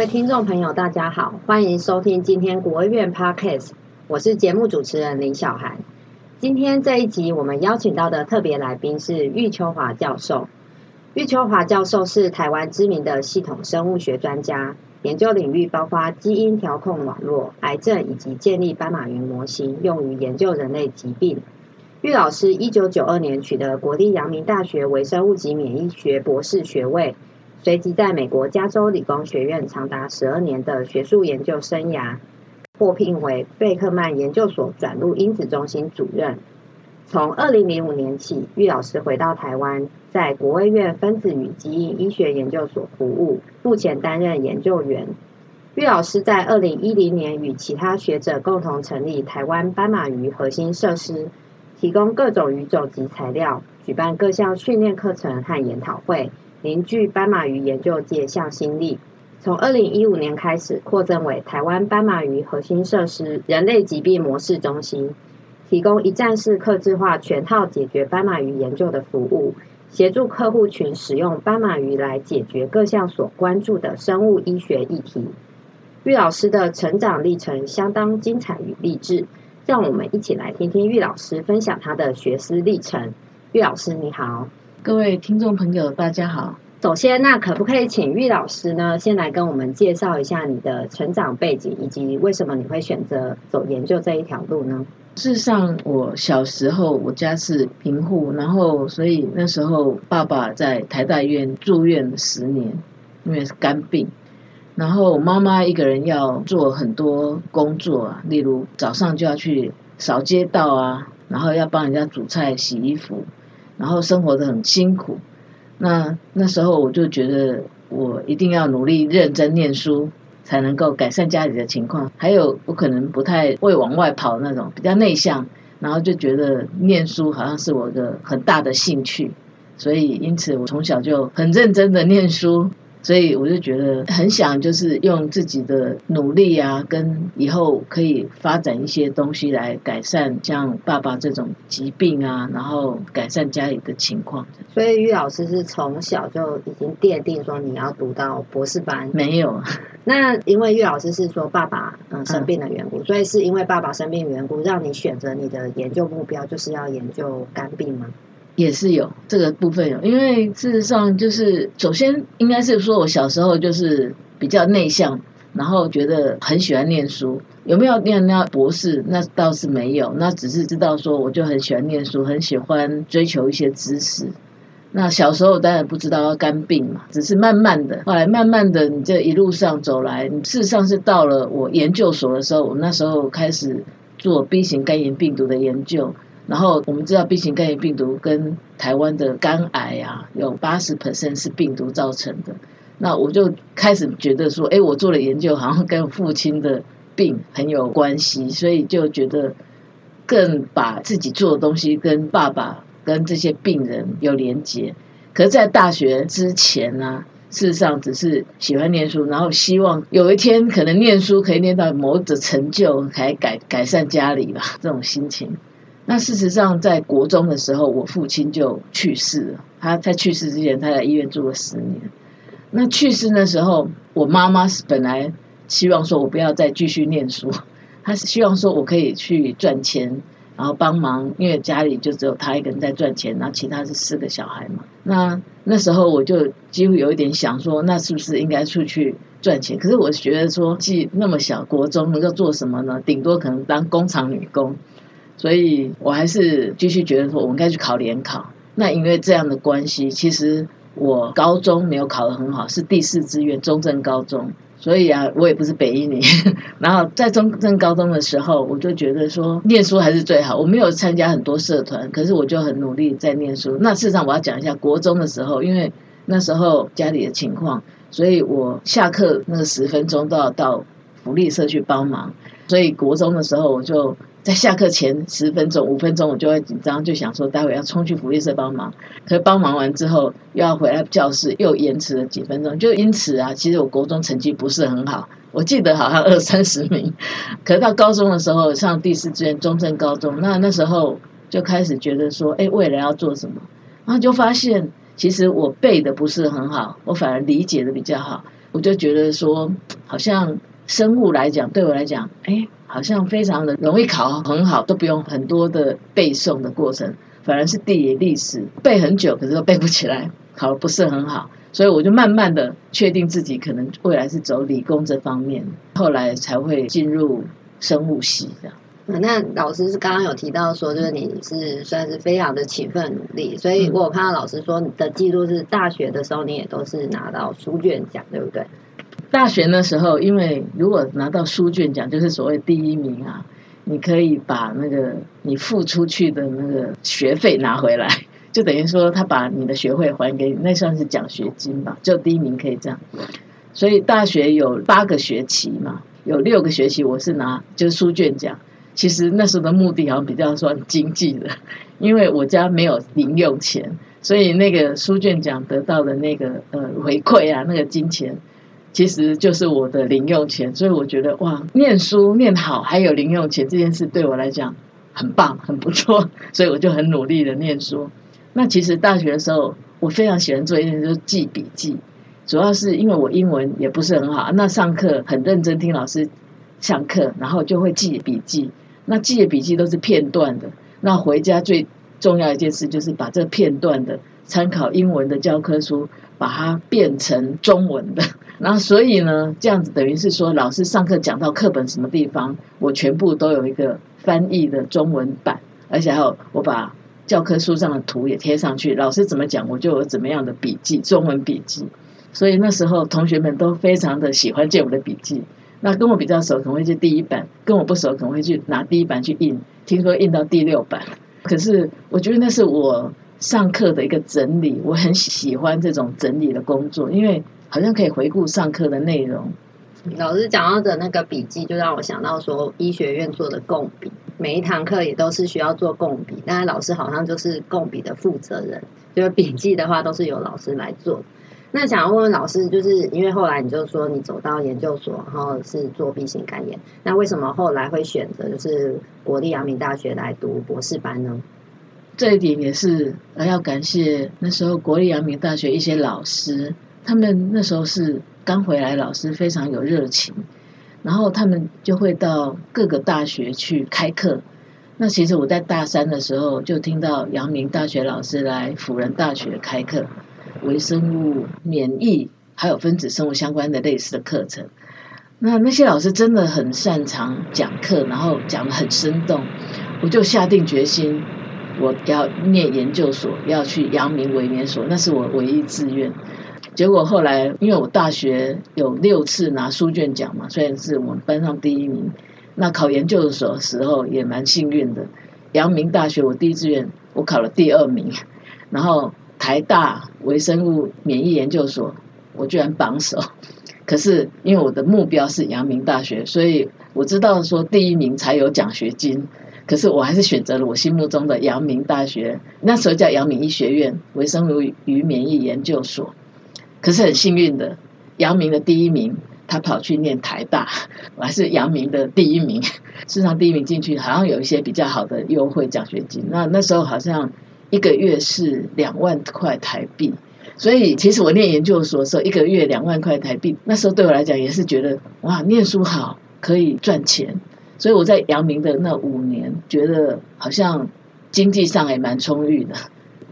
各位聽眾朋友，大家好，歡迎收聽今天國衛院 Podcast，我是節目主持人林小涵。今天這一集，我們邀請到的特別來賓是喻秋華教授。喻秋華教授是台灣知名的系統生物學專家，研究領域包括基因調控網絡、癌症以及建立斑馬魚模型用於研究人類疾病。喻老師一九九二年取得國立陽明大學微生物及免疫學博士學位。隨即在美國加州理工學院長達十二年的學術研究生涯，獲聘為貝克曼研究所轉錄因子中心主任。從二零零五年起，喻老師回到台灣，在國衛院分子與基因醫學研究所服務，目前擔任研究員。喻老師在二零一零年與其他學者共同成立台灣斑馬魚核心設施，提供各種魚種及材料，舉辦各項訓練課程和研討會。凝聚斑馬魚研究界向心力。從二零一五年開始，擴增為台灣斑馬魚核心設施人類疾病模式中心，提供一站式客製化全套解決斑馬魚研究的服務，協助客戶群使用斑馬魚來解決各項所關注的生物醫學議題。喻老師的成長歷程相當精彩與勵志，讓我們一起來聽聽喻老師分享他的學思歷程。喻老師，你好。各位聽眾朋友，大家好。首先，那可不可以請喻老師呢，先來跟我們介紹一下你的成長背景，以及為什麼你會選擇走研究這一條路呢？事實上，我小時候我家是貧戶，然後所以那時候爸爸在台大醫院住院十年，因為是肝病。然後媽媽一個人要做很多工作啊，例如早上就要去掃街道啊，然後要幫人家煮菜、洗衣服。然後生活得很辛苦，那那時候我就覺得我一定要努力認真念書，才能夠改善家裡的情況。還有我可能不太會往外跑那種，比較內向，然後就覺得念書好像是我的很大的興趣，所以因此我從小就很認真的念書。所以我就覺得很想，就是用自己的努力啊，跟以後可以發展一些東西來改善像爸爸這種疾病啊，然後改善家裡的情況。所以喻老師是從小就已經奠定說你要讀到博士班？沒有。那因為喻老師是說爸爸嗯生病的緣故、嗯，所以是因為爸爸生病的緣故，讓你選擇你的研究目標就是要研究肝病嗎？也是有這個部分有，因為事實上就是，首先應該是說我小時候就是比較內向，然後覺得很喜歡念書。有沒有念那博士？那倒是沒有，那只是知道說我就很喜歡念書，很喜歡追求一些知識。那小時候我當然不知道要肝病嘛，只是慢慢的，後來慢慢的，你這一路上走來，你事實上是到了我研究所的時候，我那時候開始做 B 型肝炎病毒的研究。然後我們知道，B 型肝炎病毒跟台灣的肝癌啊，有八十 percent 是病毒造成的。那我就開始覺得說，哎，我做了研究，好像跟父親的病很有關係，所以就覺得更把自己做的東西跟爸爸、跟這些病人有連結。可是，在大學之前啊，事實上只是喜歡念書，然後希望有一天可能念書可以念到某種成就，還改改善家裡吧，這種心情。那事實上，在國中的時候，我父親就去世了。他在去世之前，他在醫院住了十年。那去世那時候，我媽媽是本來希望說我不要再繼續念書，她是希望說我可以去賺錢，然後幫忙，因為家裡就只有他一個人在賺錢，然後其他是四個小孩嘛。那那時候我就幾乎有一點想說，那是不是應該出去賺錢？可是我覺得說，既那麼小，國中能夠做什麼呢？頂多可能當工廠女工。所以，我還是繼續覺得說，我應該去考聯考。那因為這樣的關係，其實我高中沒有考得很好，是第四志願中正高中。所以啊，我也不是北一女。然後在中正高中的時候，我就覺得說，念書還是最好。我沒有參加很多社團，可是我就很努力在念書。那事實上，我要講一下國中的時候，因為那時候家裡的情況，所以我下課那個十分鐘都要到福利社去幫忙。所以國中的時候，我就。在下課前十分鐘、五分鐘，我就會緊張，就想說待會要衝去福利社幫忙。可是幫忙完之後，又要回來教室，又延遲了幾分鐘。就因此啊，其實我國中成績不是很好，我記得好像二三十名。可是到高中的時候，上第四志願，中正高中。那那時候就開始覺得說，哎，未來要做什麼？然後就發現，其實我背的不是很好，我反而理解的比較好。我就覺得說，好像。生物來講，對我來講，哎，好像非常的容易考，很好，都不用很多的背誦的過程，反而是地理歷史背很久，可是都背不起來，考的不是很好，所以我就慢慢的確定自己可能未來是走理工這方面，後來才會進入生物系這樣。嗯，那老師是剛剛有提到說，就是你是算是非常的勤奮努力，所以我看到老師說你的記錄是大學的時候你也都是拿到書卷獎，對不對？大學那時候，因為如果拿到書卷獎，就是所謂第一名啊，你可以把那個你付出去的那個學費拿回來，就等於說他把你的學費還給你，那算是獎學金吧。就第一名可以這樣。所以大學有八個學期嘛，有六個學期我是拿就是書卷獎。其實那時候的目的好像比較算經濟的，因為我家沒有零用錢，所以那個書卷獎得到的那個呃回饋啊，那個金錢。其實就是我的零用錢，所以我覺得哇，念書念好還有零用錢這件事，對我來講很棒，很不錯，所以我就很努力的念書。那其實大學的時候，我非常喜歡做一件事，就是記筆記。主要是因為我英文也不是很好，那上課很認真聽老師上課，然後就會記筆記。那記的筆記都是片段的，那回家最重要一件事就是把這片段的參考英文的教科書，把它變成中文的。然後所以呢，這樣子等於是說，老師上課講到課本什麼地方，我全部都有一個翻譯的中文版，而且還有我把教科書上的圖也貼上去。老師怎麼講，我就有怎麼樣的筆記，中文筆記。所以那時候同學們都非常的喜歡借我的筆記。那跟我比較熟，可能會借第一版；跟我不熟，可能會去拿第一版去印。聽說印到第六版，可是我覺得那是我上課的一個整理，我很喜歡這種整理的工作，因為。好像可以回顧上課的內容，老師講到的那個筆記，就讓我想到說醫學院做的共筆，每一堂課也都是需要做共筆，但是老師好像就是共筆的負責人，就是筆記的話都是由老師來做。那想要問問老師，就是因為後來你就說你走到研究所，然後是做 B 型肝炎，那為什麼後來會選擇就是國立陽明大學來讀博士班呢？這一點也是要感謝那時候國立陽明大學一些老師。他們那時候是剛回來，老師非常有熱情，然後他們就會到各個大學去開課。那其實我在大三的時候就聽到陽明大學老師來輔仁大學開課，微生物、免疫還有分子生物相關的類似的課程。那那些老師真的很擅長講課，然後講得很生動。我就下定決心，我要念研究所，要去陽明微免所，那是我唯一志願。結果後來，因為我大學有六次拿書卷獎嘛，雖然是我們班上第一名。那考研究所的時候也蠻幸運的，陽明大學我第一志願，我考了第二名，然後台大微生物免疫研究所我居然榜首。可是因為我的目標是陽明大學，所以我知道說第一名才有獎學金，可是我還是選擇了我心目中的陽明大學。那時候叫陽明醫學院微生物與免疫研究所。可是很幸運的，陽明的第一名，他跑去念台大，我還是陽明的第一名，史上第一名進去，好像有一些比較好的優惠獎學金。那那時候好像一個月是兩萬塊台幣，所以其實我念研究所的時候一個月兩萬塊台幣，那時候對我來講也是覺得哇，念書好可以賺錢。所以我在陽明的那五年，覺得好像經濟上也蠻充裕的。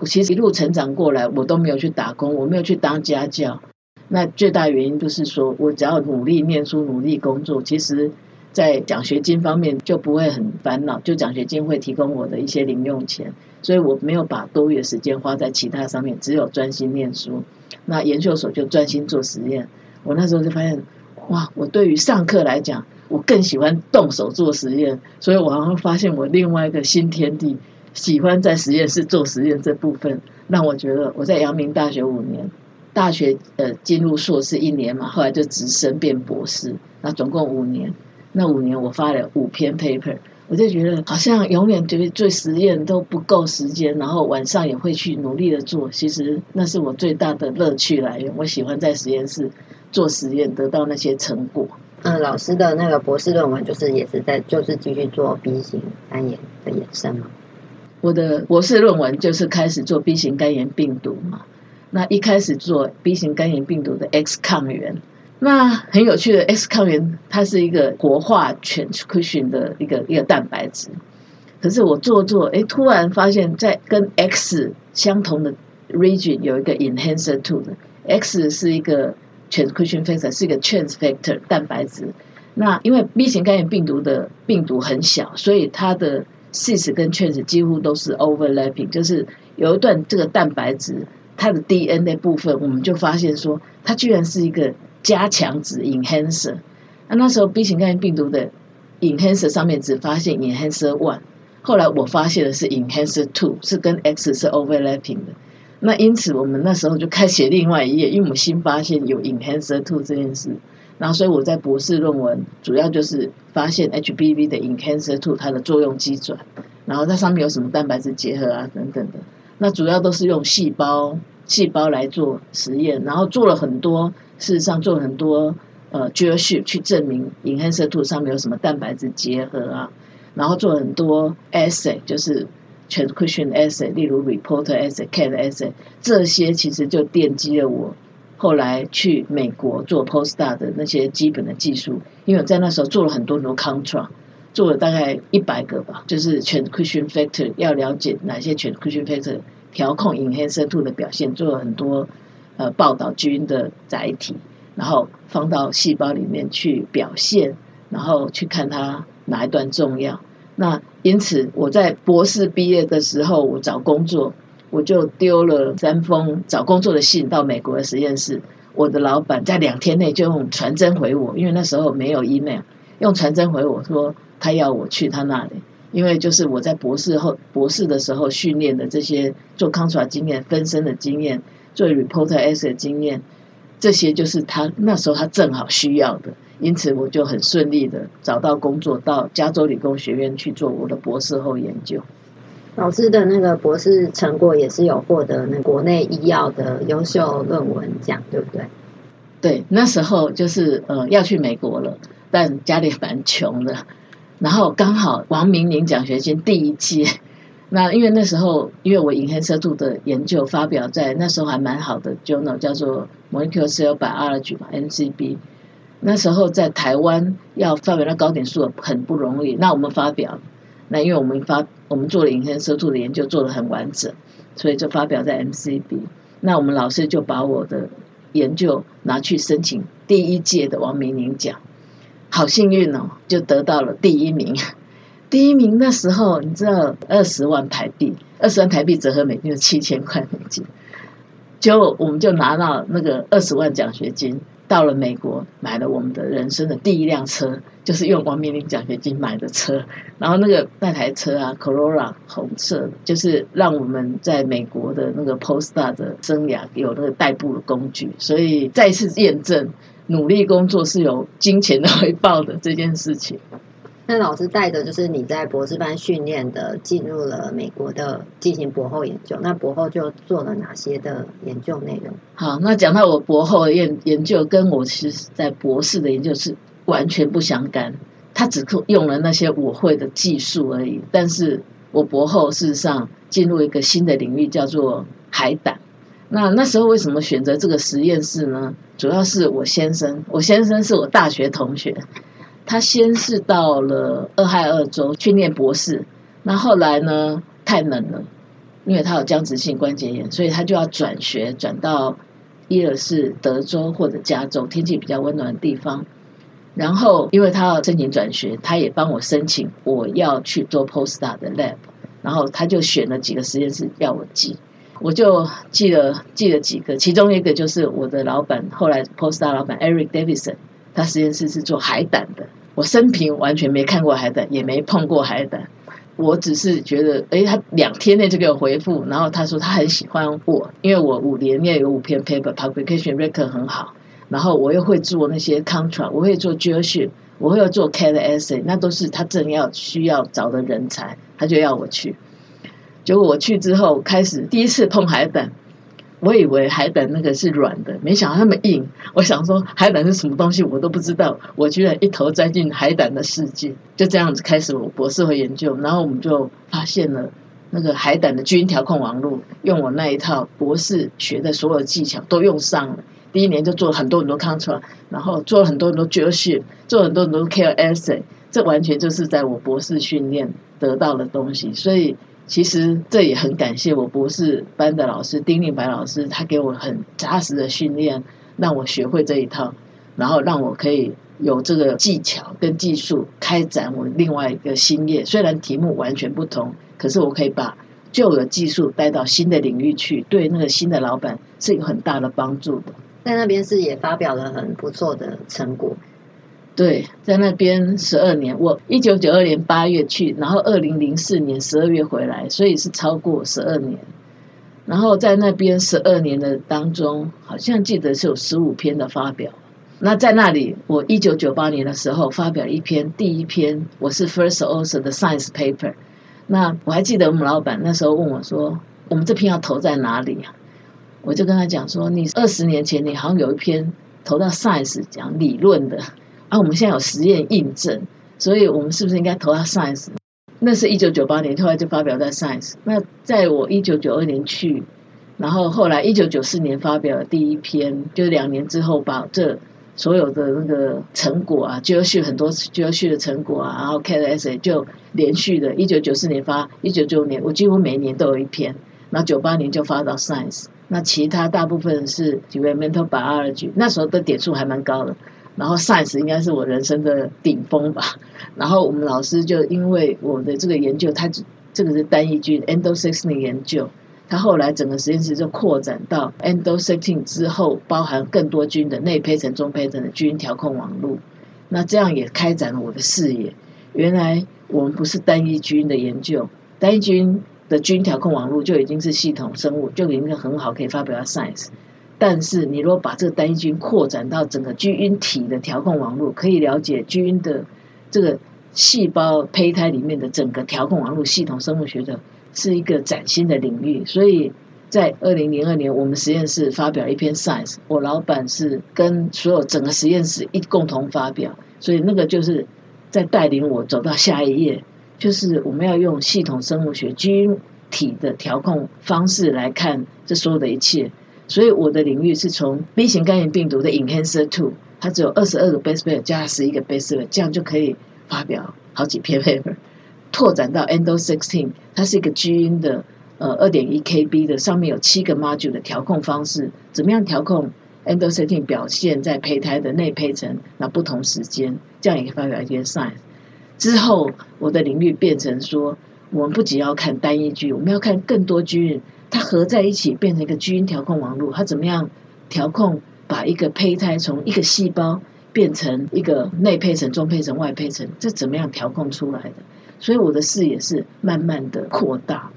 我其實一路成長過來，我都沒有去打工，我沒有去當家教。那最大原因就是說，我只要努力念書、努力工作，其實，在獎學金方面就不會很煩惱，就獎學金會提供我的一些零用錢，所以我沒有把多餘的時間花在其他上面，只有專心念書。那研究所就專心做實驗。我那時候就發現，哇，我對於上課來講，我更喜歡動手做實驗，所以我好像發現我另外一個新天地。喜歡在實驗室做實驗這部分，讓我覺得我在陽明大學五年，大學呃進入碩士一年嘛，後來就直升變博士，那總共五年，那五年我發了五篇 paper，我就覺得好像永遠覺得做實驗都不夠時間，然後晚上也會去努力的做，其實那是我最大的樂趣來源。我喜歡在實驗室做實驗，得到那些成果。嗯，老師的那個博士論文就是也是在就是繼續做 B 型肝炎的延伸嘛。我的博士論文就是開始做 B 型肝炎病毒嘛，那一開始做 B 型肝炎病毒的 X 抗原，那很有趣的 X 抗原，它是一個活化 transcription 的一個一個蛋白質。可是我做做，欸、突然發現，在跟 X 相同的 region 有一個 enhancer two 的 X 是一個 transcription factor，是一個 trans factor 蛋白質。那因為 B 型肝炎病毒的病毒很小，所以它的四十跟四 e 幾乎都是 overlapping，就是有一段這個蛋白質它的 DNA 部分，我們就發現說它居然是一個加強子 enhancer。啊，那時候 B 型肝炎病毒的 enhancer 上面只發現 enhancer one，後來我發現的是 enhancer two，是跟 X 是 overlapping 的。那因此我們那時候就開始寫另外一頁，因為我們新發現有 enhancer two 這件事。然後，所以我在博士論文主要就是發現 HBV 的 enhancer 2，它的作用機制，然後它上面有什麼蛋白質結合啊等等的。那主要都是用細胞細胞來做實驗，然後做了很多，事實上做了很多呃 gel shift 去證明 enhancer 2上面有什麼蛋白質結合啊，然後做很多 assay 就是 transcription assay，例如 reporter assay，cat assay，這些其實就奠基了我。後來去美國做 postdoc 的那些基本的技術，因為我在那時候做了很多很多 construct 做了大概一百個吧，就是全 transcription factor 要了解哪些全 transcription factor 調控 enhancer two 的表現，做了很多呃報道基因的載體，然後放到細胞裡面去表現，然後去看它哪一段重要。那因此我在博士畢業的時候，我找工作。我就丟了三封找工作的信到美國的實驗室，我的老闆在兩天內就用傳真回我，因為那時候沒有 email，用傳真回我說他要我去他那裡，因為就是我在博士後博士的時候訓練的這些做 contra 經驗、分身的經驗、做 reporter assay 的經驗，這些就是他那時候他正好需要的，因此我就很順利的找到工作到加州理工學院去做我的博士後研究。老師的那個博士成果也是有獲得那國內醫藥的優秀論文獎，對不對？對，那時候就是呃要去美國了，但家裡蠻窮的。然後剛好王民寧獎學金第一期，那因為那時候因為我引黑色素的研究發表在那時候還蠻好的 journal 叫做 Molecular Cell Biology 嘛 （MCB）。那時候在台灣要發表那高點數很不容易，那我們發表。那因為我們發我們做了影片收素的研究做得很完整，所以就發表在 MCB。那我們老師就把我的研究拿去申請第一屆的王民寧獎，好幸運哦，就得到了第一名。第一名那時候你知道二十萬台幣，二十萬台幣折合美金是七千塊美金，就我們就拿到那個二十萬獎學金。到了美國，買了我們的人生的第一輛車，就是用王民寧獎學金買的車。然後那個那台車啊 Corolla 紅色的，就是讓我們在美國的那個 Postdoc 的生涯有那個代步的工具。所以再次驗證，努力工作是有金錢的回報的這件事情。那老師帶着就是你在博士班訓練的，進入了美國的進行博後研究。那博後就做了哪些的研究內容？好，那講到我博後研研究，跟我其實在博士的研究是完全不相干。他只用了那些我會的技術而已。但是我博後事實上進入一個新的領域，叫做海膽。那那時候為什麼選擇這個實驗室呢？主要是我先生，我先生是我大學同學。他先是到了俄亥俄州去念博士，那後來呢，太冷了，因為他有僵直性關節炎，所以他就要轉學轉到伊爾市、德州或者，加州天氣比較溫暖的地方。然後因為他要申請轉學，他也幫我申請我要去做 postdoc 的 lab，然後他就選了幾個實驗室要我寄，我就寄了寄了幾個，其中一個就是我的老闆後來 postdoc 老闆 Eric Davidson，他實驗室是做海膽的。我生平完全沒看過海膽，也沒碰過海膽。我只是覺得，哎、欸，他兩天內就給我回復，然後他說他很喜歡我，因為我五年內有五篇 paper publication record 很好，然後我又會做那些 contract，我會做 journal，我會要做 CAT assay，那都是他正要需要找的人才，他就要我去。結果我去之後，開始第一次碰海膽。我以為海膽那個是軟的，沒想到那麼硬。我想說海膽是什麼東西，我都不知道。我居然一頭栽進海膽的世界，就這樣子開始我博士後研究。然後我們就發現了那個海膽的基因調控網絡。用我那一套博士學的所有技巧都用上了。第一年就做了很多很多 control，然後做了很多很多 gel shift，做了很多很多 care assay。這完全就是在我博士訓練得到的東西，所以。其實這也很感謝我博士班的老師丁令白老師，他給我很扎實的訓練，讓我學會這一套，然後讓我可以有這個技巧跟技術開展我另外一個新頁。雖然題目完全不同，可是我可以把舊的技術帶到新的領域去，對那個新的老板是有很大的幫助的。在那邊是也發表了很不錯的成果。對，在那邊十二年，我一九九二年八月去，然後二零零四年十二月回來，所以是超過十二年。然後在那邊十二年的當中，好像記得是有十五篇的發表。那在那裡，我一九九八年的時候發表一篇，第一篇我是 first author 的 Science paper。那我還記得我們老闆那時候問我說：“我們這篇要投在哪裡啊？”我就跟他講說：“你二十年前你好像有一篇投到 Science 講理論的。”啊，我們現在有實驗印證，所以我們是不是應該投到《Science》？那是一九九八年，後來就發表在《Science》。那在我一九九二年去，然後後來一九九四年發表的第一篇，就兩年之後把這所有的那個成果啊就要 JCR 很多就要 JCR 的成果啊，然後 CAS 就連續的，一九九四年發，一九九五年我幾乎每年都有一篇，然後九八年就發到《Science》，那其他大部分是《Journal of Biological》，那時候的點數還蠻高的。然後 science 應該是我人生的頂峰吧。然後我們老師就因為我的這個研究，它這個是單一菌 Endo16 的研究，它後來整個實驗室就擴展到 Endo16 之後，包含更多菌的內胚層中胚層的基因調控網絡。那這樣也開展了我的視野。原來我們不是單一基因的研究，單一基因的基因調控網絡就已經是系統生物，就已經很好可以發表到 science。但是，你如果把這個單一菌擴展到整個基因體的調控網絡，可以了解基因的這個細胞胚胎裡面的整個調控網絡，系統生物學的是一個嶄新的領域。所以在二零零二年，我們實驗室發表一篇《Science》，我老板是跟所有整個實驗室一共同發表，所以那個就是在帶領我走到下一頁，就是我們要用系統生物學基因體的調控方式來看這所有的一切。所以我的領域是從 B 型肝炎病毒的 enhancer two，它只有二十二個 base pair 加十一個 base pair，這樣就可以發表好幾篇 paper。拓展到 endo sixteen，它是一個基因的呃二點一 kb 的，上面有七個 module 的調控方式，怎麼樣調控 endo sixteen 表現在胚胎的內胚層那不同時間，這樣也可以發表一篇 science。之後我的領域變成說，我們不僅要看單一基因，我們要看更多基因。它合在一起變成一個基因調控網絡，它怎麼樣調控把一個胚胎從一個細胞變成一個內胚層、中胚層、外胚層，這怎麼樣調控出來的？所以我的視野是慢慢的擴大。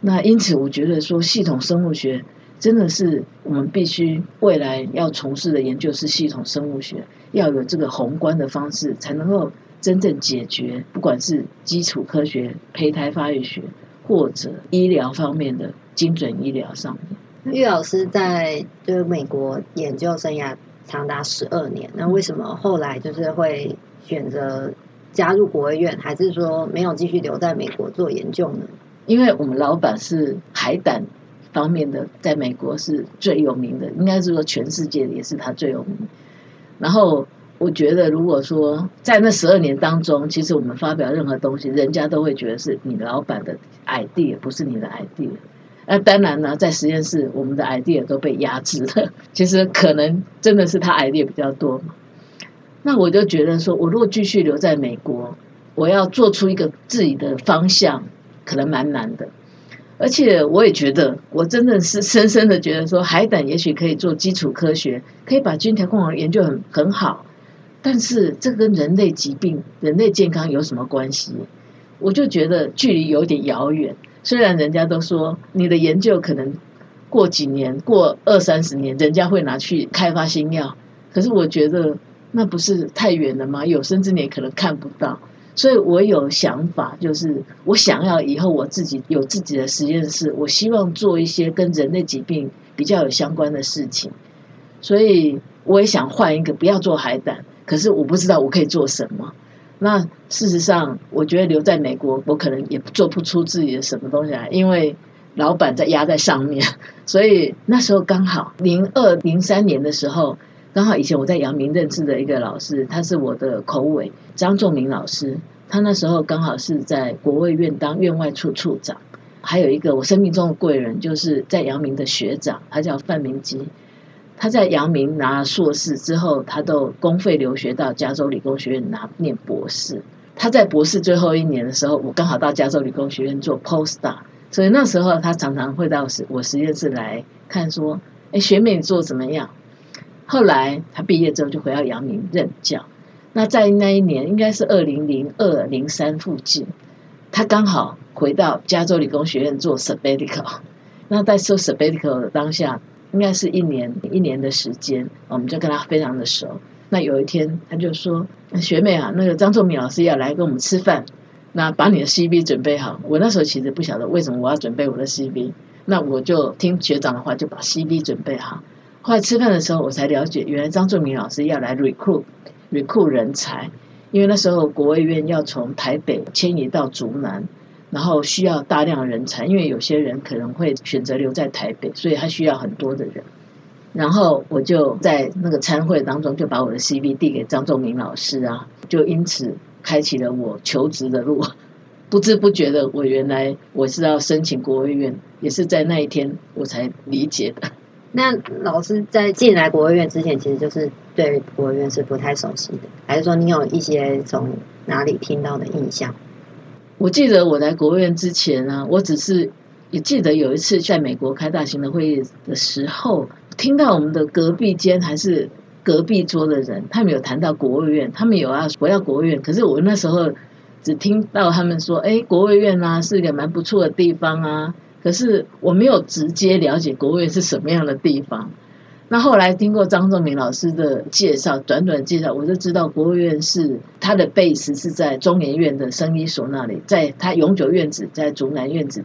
那因此，我覺得說系統生物學真的是我們必須未來要從事的研究是系統生物學，要有這個宏觀的方式，才能夠真正解決不管是基礎科學、胚胎發育學。或者醫療方面的精準醫療上面。喻老師在就是美國研究生涯長達十二年，那為什麼後來就是會選擇加入國衛院？還是說沒有繼續留在美國做研究呢？因為我們老板是海膽方面的，在美國是最有名的，應該是說全世界也是他最有名的，然後，我覺得，如果說在那十二年當中，其實我們發表任何東西，人家都會覺得是你老板的 idea，不是你的 idea。那當然呢，在實驗室，我們的 idea 也都被壓制了。其實可能真的是他 idea 比較多嘛。那我就覺得說，我如果繼續留在美國，我要做出一個自己的方向，可能蠻難的。而且我也覺得，我真的是深深的覺得說，海膽也許可以做基礎科學，可以把基因調控的研究很很好。但是這跟人類疾病、人類健康有什麼關係？我就覺得距離有點遙遠。雖然人家都說你的研究可能過幾年、過二三十年，人家會拿去開發新藥，可是我覺得那不是太遠了嗎？有生之年可能看不到。所以我有想法，就是我想要以後我自己有自己的實驗室，我希望做一些跟人類疾病比較有相關的事情。所以我也想換一個，不要做海膽。可是我不知道我可以做什麼。那事實上，我覺得留在美國，我可能也做不出自己的什麼東西來，因為老板在壓在上面。所以那時候剛好零二零三年的時候，剛好以前我在陽明認識的一個老師，他是我的口委張仲明老師，他那時候剛好是在國衛院當院外處處長。還有一個我生命中的貴人，就是在陽明的學長，他叫范明基。他在陽明拿碩士之後，他都公費留學到加州理工學院拿念博士。他在博士最後一年的時候，我剛好到加州理工學院做 postdoc，所以那時候他常常會到實我實驗室來看，說：“誒、欸、學妹你做怎麼樣？”後來他畢業之後就回到陽明任教。那在那一年應該是二零零二零三附近，他剛好回到加州理工學院做 sabbatical。那在做 sabbatical 的當下。應該是一年一年的時間，我們就跟他非常的熟。那有一天他就說：“學妹啊，那個張仲明老師要來跟我們吃飯，那把你的 CV 準備好。”我那時候其實不曉得為什麼我要準備我的 CV，那我就聽學長的話，就把 CV 準備好。後來吃飯的時候，我才了解原來張仲明老師要來 recruit recruit 人才，因為那時候國衛院要從台北遷移到竹南。然後需要大量的人才，因為有些人可能會選擇留在台北，所以他需要很多的人。然後我就在那個餐會當中，就把我的 CV 遞給張仲明老師啊，就因此開啟了我求職的路。不知不覺的，我原來我是要申請國衛院，也是在那一天我才理解的。那老師在進來國衛院之前，其實就是對國衛院是不太熟悉的，還是說你有一些從哪裡聽到的印象？我記得我來國衛院之前啊，我只是也記得有一次在美國開大型的會議的時候，聽到我們的隔壁間還是隔壁桌的人，他們有談到國衛院，他們有啊，不要國衛院。可是我那時候只聽到他們說，哎，國衛院啊是一個蠻不錯的地方啊。可是我沒有直接了解國衛院是什麼樣的地方。那後來聽過張仲明老師的介紹，短短的介紹我就知道，國衛院是他的 base 是在中研院的生醫所那裡，在他永久院子在竹南院子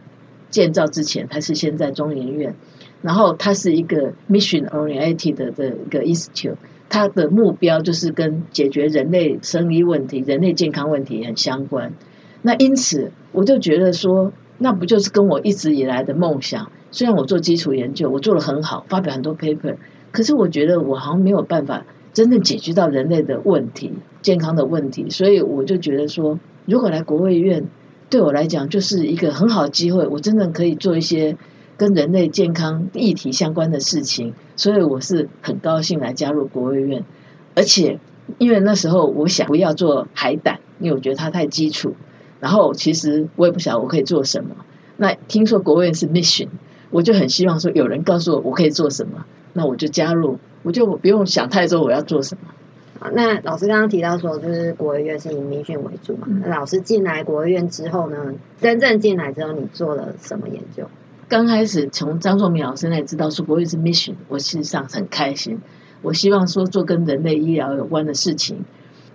建造之前，他是先在中研院。然後他是一個 mission-oriented 的一個 institution，他的目標就是跟解決人類生理問題、人類健康問題也很相關。那因此我就覺得說，那不就是跟我一直以來的夢想？雖然我做基礎研究，我做了很好，發表很多 paper，可是我覺得我好像沒有辦法真正解決到人類的問題、健康的問題，所以我就覺得說，如果來國衛院，對我來講就是一個很好的機會，我真正可以做一些跟人類健康議題相關的事情，所以我是很高興來加入國衛院。而且因為那時候我想不要做海膽，因為我覺得它太基礎，然後其實我也不曉得我可以做什麼。那聽說國衛院是 mission。我就很希望說，有人告訴我我可以做什麼，那我就加入，我就不用想太多我要做什麼。啊，那老師剛剛提到說，就是國會院是以民 i 為主嘛。嗯、那老師進來國會院之後呢，真正進來之後，你做了什麼研究？剛開始從張作明老師那裡知道說國院是 mission，我事實上很開心。我希望說做跟人類醫療有關的事情。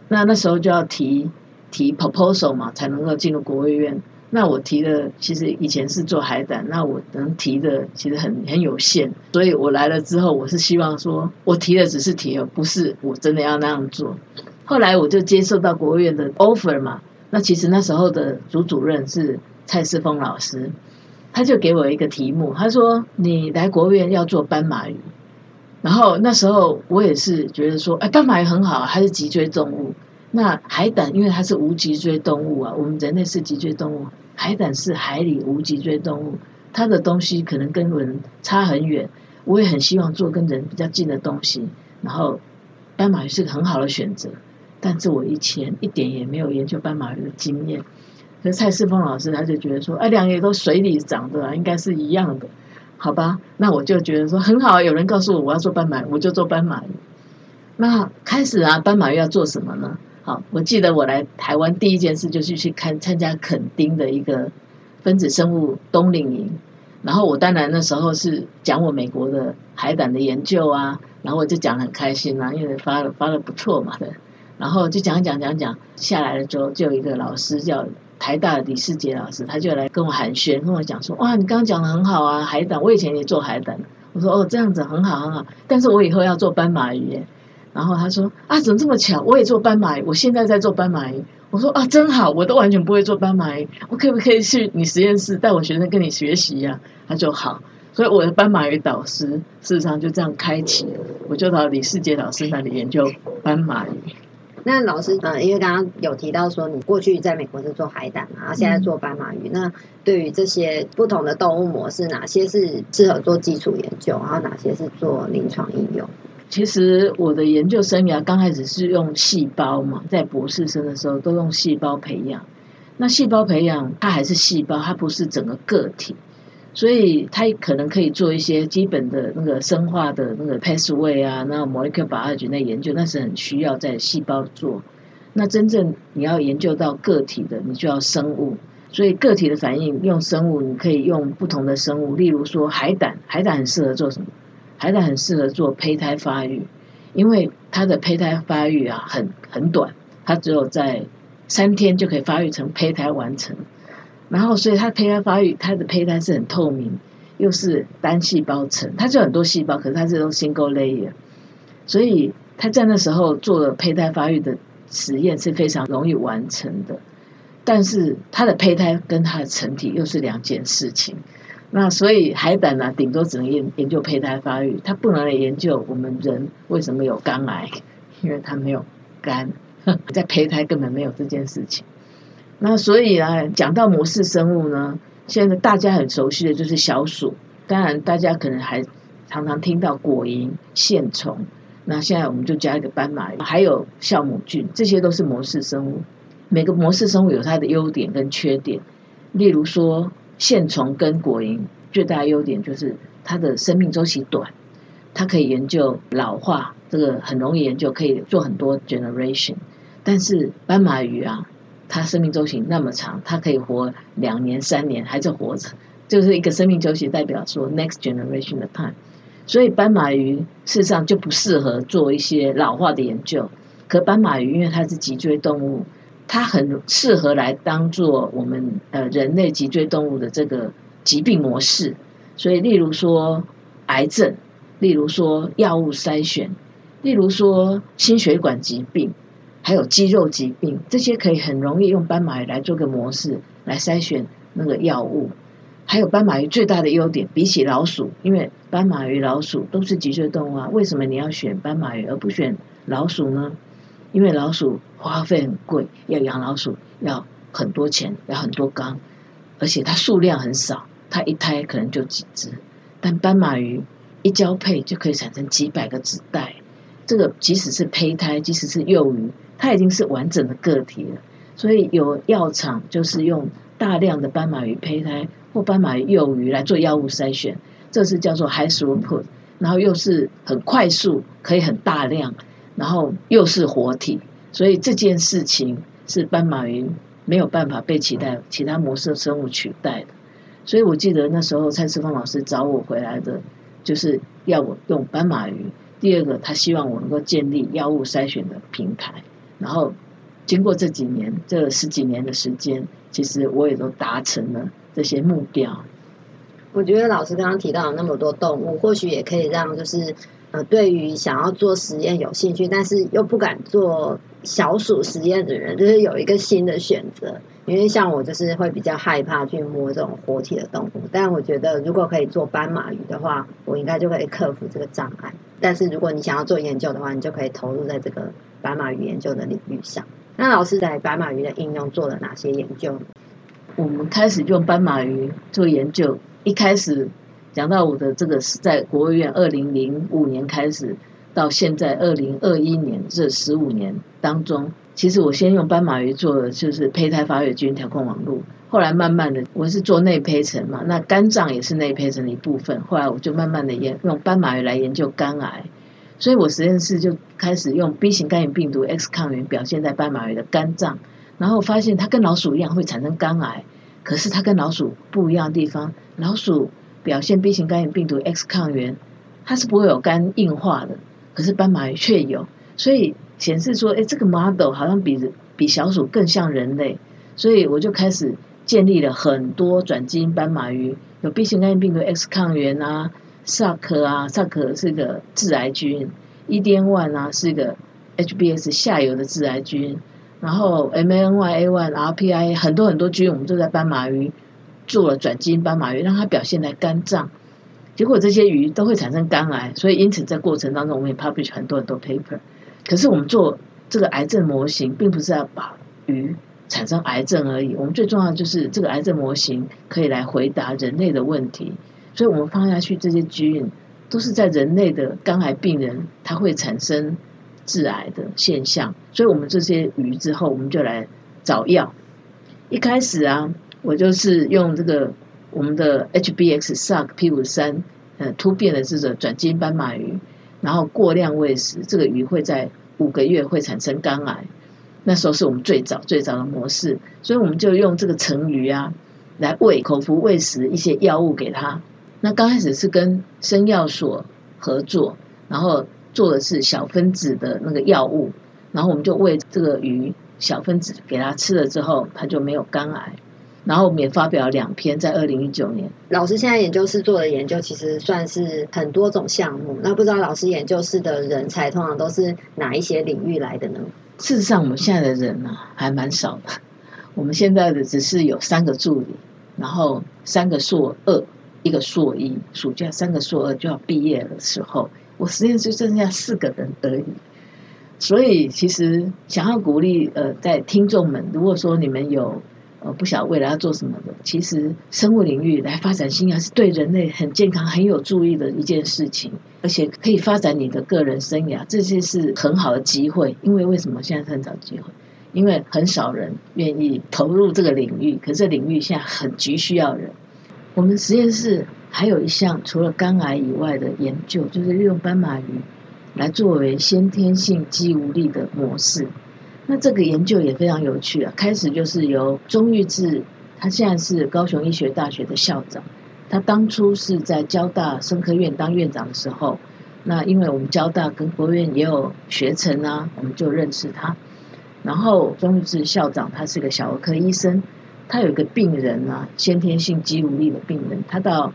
那那時候就要提提 proposal 嘛，才能夠進入國會院。那我提的其實以前是做海膽，那我能提的其實很很有限，所以我來了之後，我是希望說，我提的只是提的，不是我真的要那樣做。後來我就接受到國衛院的 offer 嘛，那其實那時候的主主任是蔡世峰老師，他就給我一個題目，他說，你來國衛院要做斑馬魚，然後那時候我也是覺得說，哎，斑馬魚很好，還是脊椎動物。那海膽因為它是無脊椎動物啊，我們人類是脊椎動物，海膽是海裡無脊椎動物，它的東西可能跟人差很遠。我也很希望做跟人比較近的東西，然後斑馬魚是個很好的選擇，但是我以前一點也沒有研究斑馬魚的經驗，可是蔡世峰老師他就覺得說，哎、啊，兩個都水裡長的啊，應該是一樣的，好吧？那我就覺得說很好啊，有人告訴我我要做斑馬魚，我就做斑馬魚。那開始啊，斑馬魚要做什麼呢？好，我記得我來台灣第一件事就是去看參加墾丁的一個分子生物冬令營，然後我當然那時候是講我美國的海膽的研究啊，然後我就講得很開心啊，因為發了發了不錯嘛的，然後就講講講講下來的時候，就有一個老師叫台大的李世杰老師，他就來跟我寒暄，跟我講說，哇，你剛剛講得很好啊，海膽我以前也做海膽，我說哦這樣子很好很好，但是我以後要做斑馬魚耶。然後他說啊，怎麼這麼巧？我也做斑馬魚，我現在在做斑馬魚。我說啊，真好，我都完全不會做斑馬魚，我可不可以去你實驗室帶我學生跟你學習呀、啊？他就好，所以我的斑馬魚導師事實上就這樣開啟，我就到李世杰老師那裡研究斑馬魚。那老師，呃，因為剛剛有提到說你過去在美國是做海膽啊，然後現在做斑馬魚、嗯。那對於這些不同的動物模式，哪些是適合做基礎研究，然後哪些是做臨床應用？其實我的研究生涯剛開始是用細胞嘛，在博士生的時候都用細胞培養。那細胞培養它還是細胞，它不是整個個體，所以它可能可以做一些基本的那個生化的那個 pathway 啊，那 molecular biology 的研究，那是很需要在細胞做。那真正你要研究到個體的，你就要生物。所以個體的反應用生物，你可以用不同的生物，例如說海膽，海膽很適合做什麼？海膽很適合做胚胎發育，因為它的胚胎發育啊很很短，它只有在三天就可以發育成胚胎完成。然後，所以它的胚胎發育，它的胚胎是很透明，又是單細胞層，它就很多細胞，可是它是 single layer。所以他在那時候做了胚胎發育的實驗是非常容易完成的，但是它的胚胎跟它的成體又是兩件事情。那所以海膽呢、啊，頂多只能研研究胚胎發育，它不能來研究我們人為什麼有肝癌？因為它沒有肝，在胚胎根本沒有這件事情。那所以啊，講到模式生物呢，現在大家很熟悉的就是小鼠，當然大家可能還常常聽到果蠅、線蟲。那現在我們就加一個斑馬魚，還有酵母菌，這些都是模式生物。每個模式生物有它的優點跟缺點，例如說。線蟲跟果蠅最大優點就是它的生命週期短，它可以研究老化，這個很容易研究，可以做很多 generation。但是斑馬魚啊，它生命週期那麼長，它可以活兩年三年還是活着，就是一個生命週期代表說 next generation 的 time。所以斑馬魚事實上就不適合做一些老化的研究。可斑馬魚因為它是脊椎動物。它很適合來當做我們呃人類脊椎動物的這個疾病模式，所以例如說癌症，例如說藥物篩選，例如說心血管疾病，還有肌肉疾病，這些可以很容易用斑馬魚來做個模式來篩選那個藥物。還有斑馬魚最大的優點，比起老鼠，因為斑馬魚、老鼠都是脊椎動物啊，為什麼你要選斑馬魚而不選老鼠呢？因為老鼠花費很貴，要養老鼠要很多錢，要很多缸，而且它數量很少，它一胎可能就幾隻。但斑馬魚一交配就可以產生幾百個子代，這個即使是胚胎，即使是幼魚，它已經是完整的個體了。所以有藥廠就是用大量的斑馬魚胚胎或斑馬魚幼魚、魚來做藥物篩選，這是叫做 high throughput，然後又是很快速，可以很大量。然後又是活體，所以這件事情是斑馬魚沒有辦法被其他，其他模式生物取代的。所以我記得那時候蔡世峰老師找我回來的，就是要我用斑馬魚。第二個，他希望我能夠建立藥物篩選的平台。然後經過這幾年，這十幾年的時間，其實我也都達成了這些目標。我覺得老師剛剛提到有那麼多動物，或許也可以讓就是。呃，對於想要做實驗有興趣，但是又不敢做小鼠實驗的人，就是有一個新的選擇。因為像我，就是會比較害怕去摸這種活體的動物。但我覺得，如果可以做斑馬魚的話，我應該就可以克服這個障礙。但是，如果你想要做研究的話，你就可以投入在這個斑馬魚研究的領域上。那老師在斑馬魚的應用做了哪些研究呢？我們開始用斑馬魚做研究，一開始。講到我的這個是在國衛院二零零五年開始到現在二零二一年這十五年當中，其實我先用斑馬魚做的就是胚胎發育基因調控網絡。後來慢慢的，我是做內胚層嘛，那肝臟也是內胚層的一部分。後來我就慢慢的研用斑馬魚來研究肝癌，所以我實驗室就開始用 B 型肝炎病毒 X 抗原表現在斑馬魚的肝臟，然後發現它跟老鼠一樣會產生肝癌，可是它跟老鼠不一樣的地方，老鼠。表現 B 型肝炎病毒 X 抗原，它是不會有肝硬化的，可是斑馬魚卻有，所以顯示說，哎，這個 model 好像比比小鼠更像人類，所以我就開始建立了很多轉基因斑馬魚，有 B 型肝炎病毒 X 抗原啊，Src 啊，Src 是一個致癌菌，EDN1 啊是一個 HBS 下游的致癌菌，然後 MANYA1、RPI 很多很多菌，我們都在斑馬魚。做了轉基因斑馬魚，讓它表現來肝臟，結果這些魚都會產生肝癌，所以因此在過程當中，我們也 publish 很多很多 paper。可是我們做這個癌症模型，並不是要把魚產生癌症而已，我們最重要的就是這個癌症模型可以來回答人類的問題。所以我們放下去這些基因都是在人類的肝癌病人，它會產生致癌的現象。所以我們這些魚之後，我們就來找藥。一開始啊。我就是用這個我們的 H B X Src P 五三，呃突變的這個轉基因斑馬魚，然後過量餵食，這個魚會在五個月會產生肝癌。那時候是我們最早最早的模式，所以我們就用這個成魚啊來餵口服餵食一些藥物給它。那剛開始是跟生藥所合作，然後做的是小分子的那個藥物，然後我們就餵這個魚小分子給它吃了之後，它就沒有肝癌。然後我們也發表了兩篇，在二零一九年。老師現在研究室做的研究，其實算是很多種項目。那不知道老師研究室的人才，通常都是哪一些領域來的呢？事實上，我們現在的人呢、啊，還蠻少的。我們現在的只是有三個助理，然後三個碩二，一個碩一。暑假三個碩二就要畢業的時候，我實驗室只剩下四個人而已。所以，其實想要鼓勵呃，在聽眾們，如果說你們有。呃，不曉得未來要做什麼的，其實生物領域來發展生涯是對人類很健康、很有助益的一件事情，而且可以發展你的個人生涯，這些是很好的機會。因為為什麼現在很少機會？因為很少人願意投入這個領域，可是這領域現在很急需要人。我們實驗室還有一項除了肝癌以外的研究，就是利用斑馬魚來作為先天性肌無力的模式。那這個研究也非常有趣啊。開始就是由鍾育志，他現在是高雄醫學大學的校長，他當初是在交大生科院當院長的時候。那因為我們交大跟國院也有學程啊，我們就認識他。然後鍾育志校長他是一個小兒科醫生，他有一個病人啊，先天性肌無力的病人，他到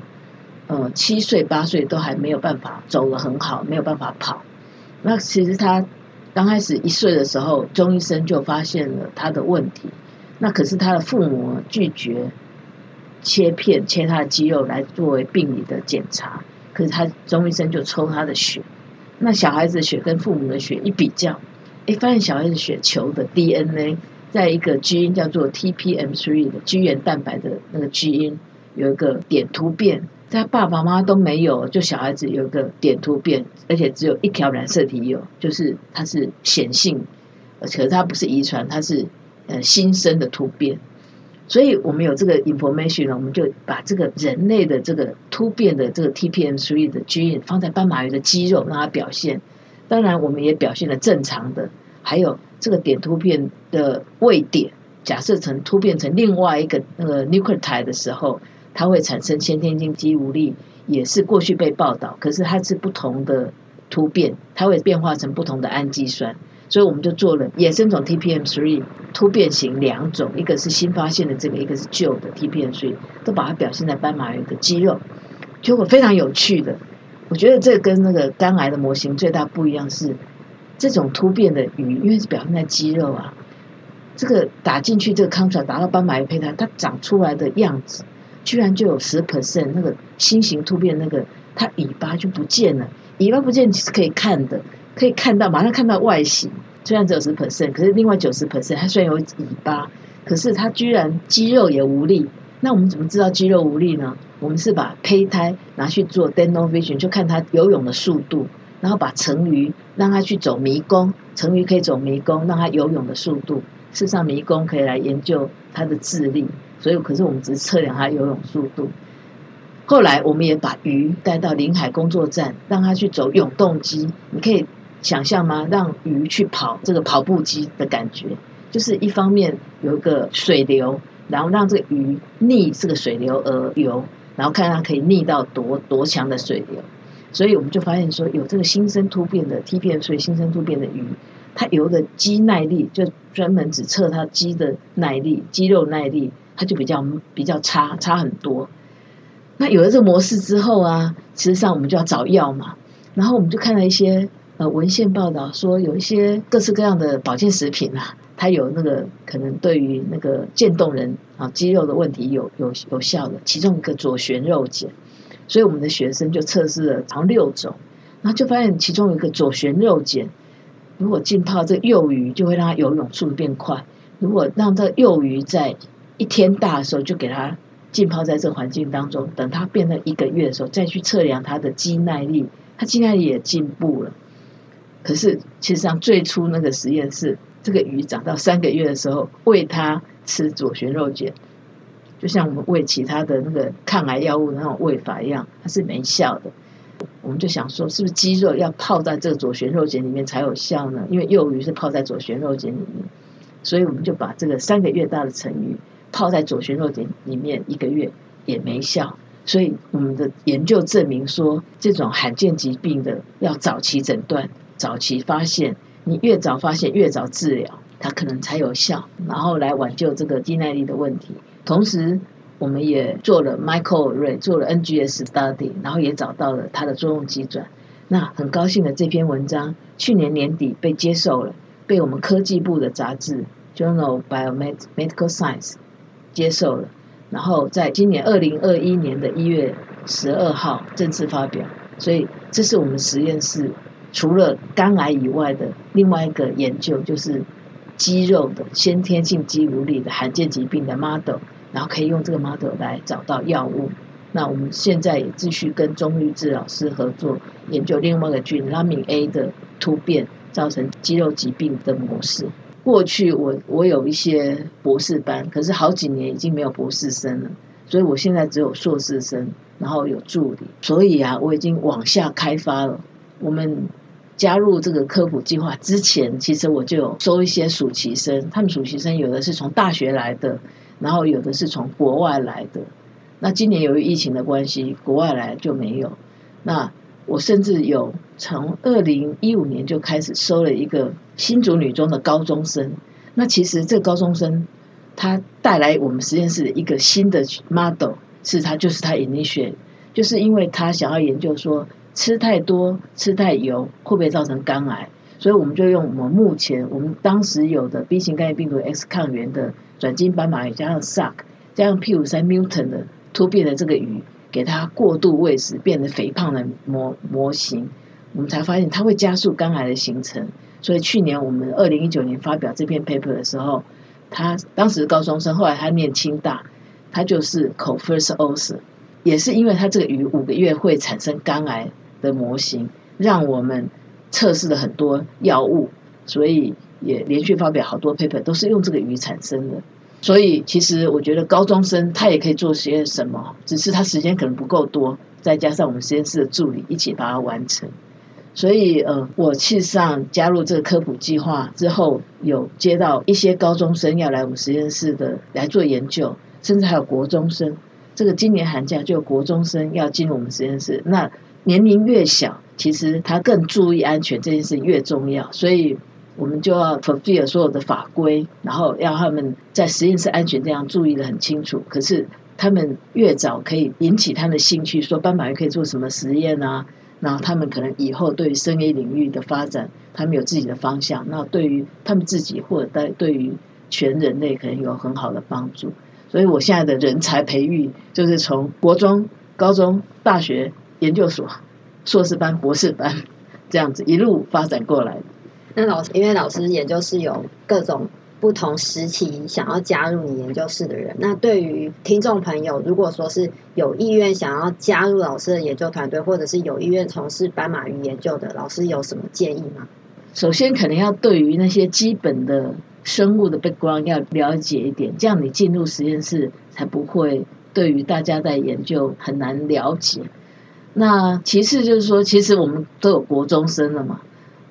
呃七歲八歲都還沒有辦法走得很好，沒有辦法跑。那其實他剛開始一歲的時候，鍾醫生就發現了他的問題。那可是他的父母拒絕切片切他的肌肉來作為病理的檢查。可是他鍾醫生就抽他的血。那小孩子的血跟父母的血一比較，哎、欸，發現小孩子血球的 DNA 在一個基因叫做 TPM3 的肌原蛋白的那個基因有一個點突變。但他爸爸媽媽都沒有，就小孩子有個點突變，而且只有一條染色體有，就是它是顯性，而且它不是遺傳，它是呃新生的突變。所以我們有這個 information，我們就把這個人類的這個突變的這個 TPM3 的基因放在斑馬魚的肌肉讓它表現。當然，我們也表現了正常的，還有這個點突變的位點，假設成突變成另外一個那個 nucleotide 的時候。它會產生先天性肌無力，也是過去被報道，可是它是不同的突變，它會變化成不同的氨基酸，所以我們就做了野生種 TPM3 突變型兩種，一個是新發現的這個，一個是舊的 TPM3，都把它表現在斑馬魚的肌肉，結果非常有趣的。我覺得這個跟那個肝癌的模型最大不一樣是，這種突變的魚，因為是表現在肌肉啊，這個打進去這個 control 打到斑馬魚胚胎，它長出來的樣子。居然就有十 percent 那個新型突變，那個、那個、它尾巴就不見了。尾巴不見其實可以看的，可以看到，馬上看到外形。雖然只有十 percent，可是另外九十 percent 它雖然有尾巴，可是它居然肌肉也無力。那我們怎麼知道肌肉無力呢？我們是把胚胎拿去做 DanioVision，就看它游泳的速度。然後把成魚讓它去走迷宮，成魚可以走迷宮，讓它游泳的速度。事實上迷宮可以來研究它的智力。所以，可是我們只測量它游泳速度。後來，我們也把魚帶到臨海工作站，讓它去走泳動機。你可以想象嗎？讓魚去跑這個跑步機的感覺，就是一方面有一個水流，然後讓這個魚逆這個水流而游，然後看它可以逆到多多強的水流。所以，我們就發現說，有這個新生突變的 TPE，所以新生突變的魚，它游的肌耐力就專門只測它肌的耐力、肌肉耐力。它就比較比較差，差很多。那有了這個模式之後啊，實際上我們就要要找藥嘛。然後我們就看了一些呃文獻報道說，有一些各式各樣的保健食品啊，它有那個可能對於那個漸凍人啊，肌肉的問題有有有效的。其中一個左旋肉鹼，所以我們的學生就測試了，然後六種，然後就發現其中一個左旋肉鹼，如果浸泡這個幼魚，就會讓它游泳速度變快。如果讓這個幼魚在一天大的時候就給它浸泡在這個環境當中，等它變成一個月的時候再去測量它的肌耐力，它肌耐力也進步了。可是，其實上最初那個實驗是這個魚長到三個月的時候餵它吃左旋肉鹼，就像我們餵其他的那個抗癌藥物那種餵法一樣，它是沒效的。我們就想說，是不是肌肉要泡在這個左旋肉鹼裡面才有效呢？因為幼魚是泡在左旋肉鹼裡面，所以我們就把這個三個月大的成魚泡在左旋肉鹼裡面一個月也沒效，所以我們的研究證明說，這種罕見疾病的要早期診斷、早期發現，你越早發現越早治療，它可能才有效，然後來挽救這個肌耐力的問題。同時，我們也做了 Michael Ray，做了 NGS study，然後也找到了它的作用機轉。那很高興的，這篇文章去年年底被接受了，被我們科技部的雜誌 Journal of Biomedical Science，接受了，然後在今年二零二一年的一月十二號正式發表，所以這是我們實驗室除了肝癌以外的另外一個研究，就是肌肉的先天性肌無力的罕見疾病的 model，然後可以用這個 model 來找到藥物。那我們現在也繼續跟鍾玉志老師合作研究另外一個基因 Lamin A 的突變造成肌肉疾病的模式。過去我我有一些博士班，可是好幾年已經沒有博士生了，所以我現在只有碩士生，然後有助理。所以啊，我已經往下開發了。我們加入這個科普計劃之前，其實我就有收一些暑期生。他們暑期生有的是從大學來的，然後有的是從國外來的。那今年由於疫情的關係，國外來就沒有。那我甚至有從二零一五年就開始收了一個新竹女中的高中生。那其實這個高中生他帶來我們實驗室一個新的 model，是他就是他眼睛血，就是因為他想要研究說吃太多、吃太油會不會造成肝癌，所以我們就用我們目前我們當時有的 B 型肝炎病毒 X 抗原的轉基因斑馬魚加上 Src 加上 P 五三 Mutant 的突變的這個魚。給它過度餵食，變得肥胖的模模型，我們才發現它會加速肝癌的形成。所以去年我們二零一九年發表這篇 paper 的時候，他當時高中生，後來他念清大，他就是 co first o u t o s 也是因為他這個魚五個月會產生肝癌的模型，讓我們測試了很多藥物，所以也連續發表好多 paper，都是用這個魚產生的。所以，其實我覺得高中生他也可以做實驗什麼，只是他時間可能不夠多，再加上我們實驗室的助理一起把它完成。所以，呃，我事實上加入這個科普計劃之後，有接到一些高中生要來我們實驗室的來做研究，甚至還有國中生。這個今年寒假就國中生要進入我們實驗室，那年齡越小，其實他更注意安全這件事越重要，所以。我們就要 fulfill 所有的法規，然後要他們在實驗室安全這樣注意得很清楚。可是他們越早可以引起他們的興趣，說斑馬魚可以做什麼實驗啊？然後他們可能以後對於生物領域的發展，他們有自己的方向。那對於他們自己或者對對於全人類可能有很好的幫助。所以我現在的人才培育，就是從國中、高中、大學、研究所、碩士班、博士班這樣子一路發展過來的。那老師，因為老師研究室有各種不同時期想要加入你研究室的人。那對於聽眾朋友，如果說是有意願想要加入老師的研究團隊，或者是有意願從事斑馬魚研究的，老師有什麼建議嗎？首先，可能要對於那些基本的生物的 background 要了解一點，這樣你進入實驗室才不會對於大家在研究很難了解。那其次就是說，其實我們都有國中生了嘛。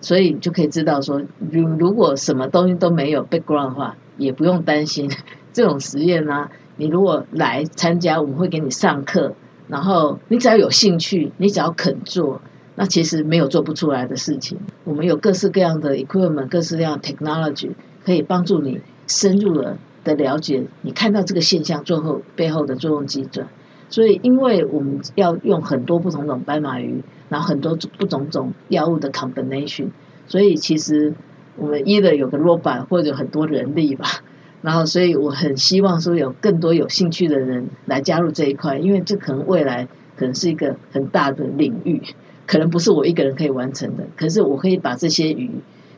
所以你就可以知道說，如如果什麼東西都沒有 background 的話，也不用擔心這種實驗啊。你如果來參加，我們會給你上課，然後你只要有興趣，你只要肯做，那其實沒有做不出來的事情。我們有各式各樣的 equipment，各式各樣的 technology 可以幫助你深入的的了解，你看到這個現象背後背後的作用機轉。所以，因為我們要用很多不同的斑馬魚。然後很多不種種藥物的 combination，所以其實我們 either 有個 robot，或者有很多人力吧，然後所以我很希望說有更多有興趣的人來加入這一塊，因為這可能未來可能是一個很大的領域，可能不是我一個人可以完成的，可是，我可以把這些魚，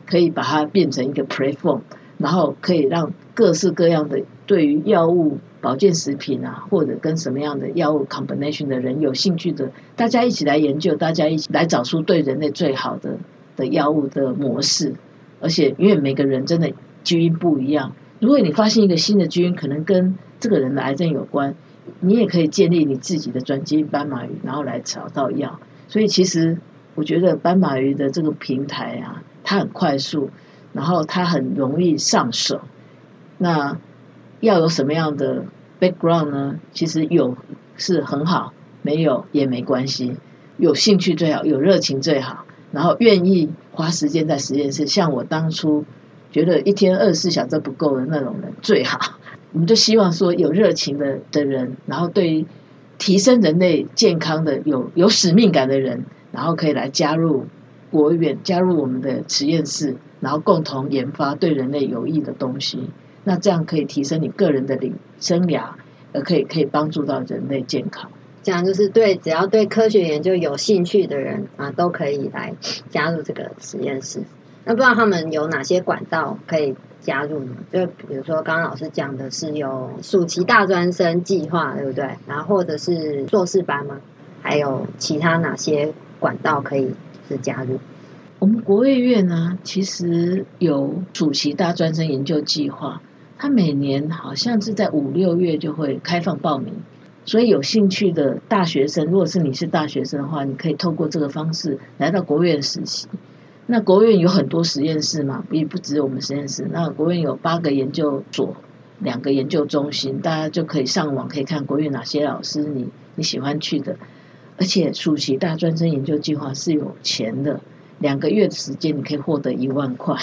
可以把它變成一個 platform。然後可以讓各式各樣的對於藥物、保健食品啊，或者跟什麼樣的藥物 combination 的人有興趣的，大家一起來研究，大家一起來找出對人類最好的的藥物的模式。而且因為每個人真的基因不一樣，如果你發現一個新的基因，可能跟這個人的癌症有關，你也可以建立你自己的轉基因斑馬魚，然後來找到藥。所以其實我覺得斑馬魚的這個平台啊，它很快速。然後他很容易上手。那要有什麼樣的 background 呢？其實有是很好，沒有也沒關係。有興趣最好，有熱情最好，然後願意花時間在實驗室。像我當初覺得一天二十四小時都不夠的那種人最好。我們就希望說有熱情的的人，然後對提升人類健康的有有使命感的人，然後可以來加入國衛院，加入我們的實驗室。然後共同研發對人類有益的東西，那這樣可以提升你個人的領生涯，呃，可以可以幫助到人類健康。這樣就是對，只要對科學研究有興趣的人啊，都可以來加入這個實驗室。那不知道他們有哪些管道可以加入呢？就比如說剛剛老師講的是有暑期大專生計劃，對不對？然後或者是碩士班嗎？還有其他哪些管道可以是加入？我們國衛院呢，其實有暑期大專生研究計劃，它每年好像是在五六月就會開放報名，所以有興趣的大學生，如果是你是大學生的話，你可以透過這個方式來到國衛院實習。那國衛院有很多實驗室嘛，也不止我們實驗室，那國衛院有八個研究所，兩個研究中心，大家就可以上網可以看國衛院哪些老師你你喜歡去的，而且暑期大專生研究計劃是有錢的。兩個月的時間，你可以獲得一萬塊，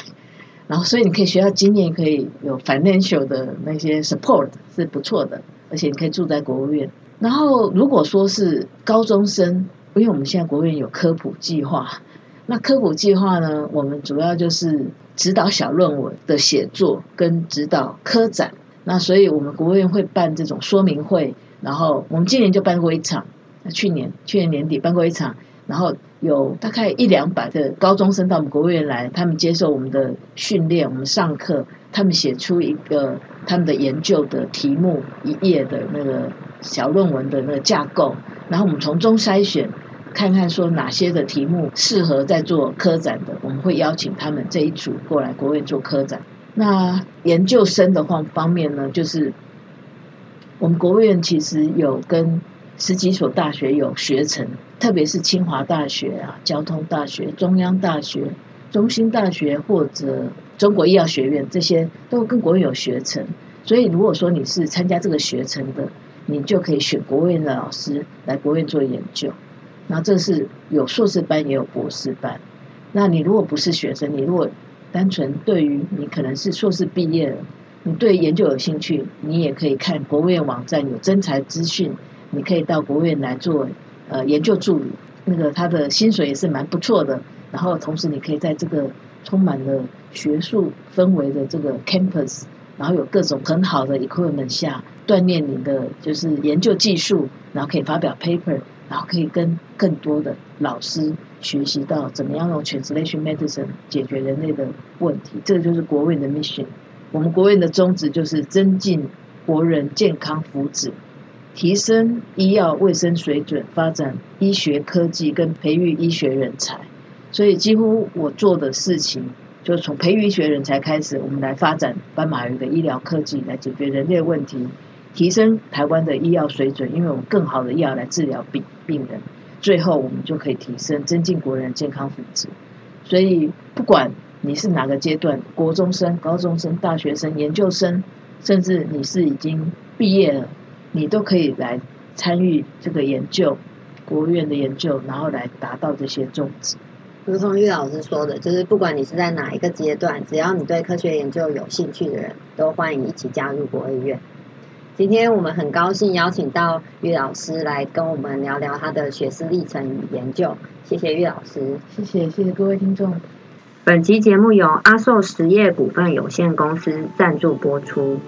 然後所以你可以學到經驗，可以有 financial 的那些 support 是不錯的，而且你可以住在國衛院。然後如果說是高中生，因為我們現在國衛院有科普計劃，那科普計劃呢，我們主要就是指導小論文的寫作跟指導科展。那所以我們國衛院會辦這種說明會，然後我們今年就辦過一場，去年去年年底辦過一場。然後有大概一兩百個高中生到我們國衛院來，他們接受我們的訓練，我們上課，他們寫出一個他們的研究的題目一頁的那個小論文的那個架構，然後我們從中篩選，看看說哪些的題目適合在做科展的，我們會邀請他們這一組過來國衛院做科展。那研究生的話方面呢，就是我們國衛院其實有跟。十幾所大學有學程，特別是清華大學啊、交通大學、中央大學、中興大學或者中國醫藥學院這些，都跟國衛院有學程。所以，如果說你是參加這個學程的，你就可以選國衛院的老師來國衛院做研究。那這是有碩士班也有博士班。那你如果不是學生，你如果單純對於你可能是碩士畢業了，你對研究有興趣，你也可以看國衛院網站有徵才資訊。你可以到國衛院來做，呃，研究助理，那個他的薪水也是蠻不錯的。然後同時你可以在這個充滿了學術氛圍的這個 campus，然後有各種很好的 equipment 下鍛鍊你的就是研究技術，然後可以發表 paper，然後可以跟更多的老師學習到怎麼樣用 translation medicine 解決人類的問題。這個就是國衛院的 mission。我們國衛院的宗旨就是增進國人健康福祉，提升醫藥衛生水準，發展醫學科技跟培育醫學人才，所以幾乎我做的事情就是從培育醫學人才開始，我們來發展斑馬魚的醫療科技，來解決人類問題，提升台灣的醫藥水準，因為我們更好的藥來治療病病人，最後我們就可以提升增進國人的健康福祉。所以不管你是哪個階段，國中生、高中生、大學生、研究生，甚至你是已經畢業了。你都可以來參與這個研究，國衛院的研究，然後來達到這些宗旨。如同喻老師說的，就是不管你是在哪一個階段，只要你對科學研究有興趣的人，都歡迎一起加入國衛院。今天我們很高興邀請到喻老師來跟我們聊聊他的學術歷程與研究。謝謝喻老師，謝謝，謝謝各位聽眾。本期節目由阿壽實業股份有限公司贊助播出。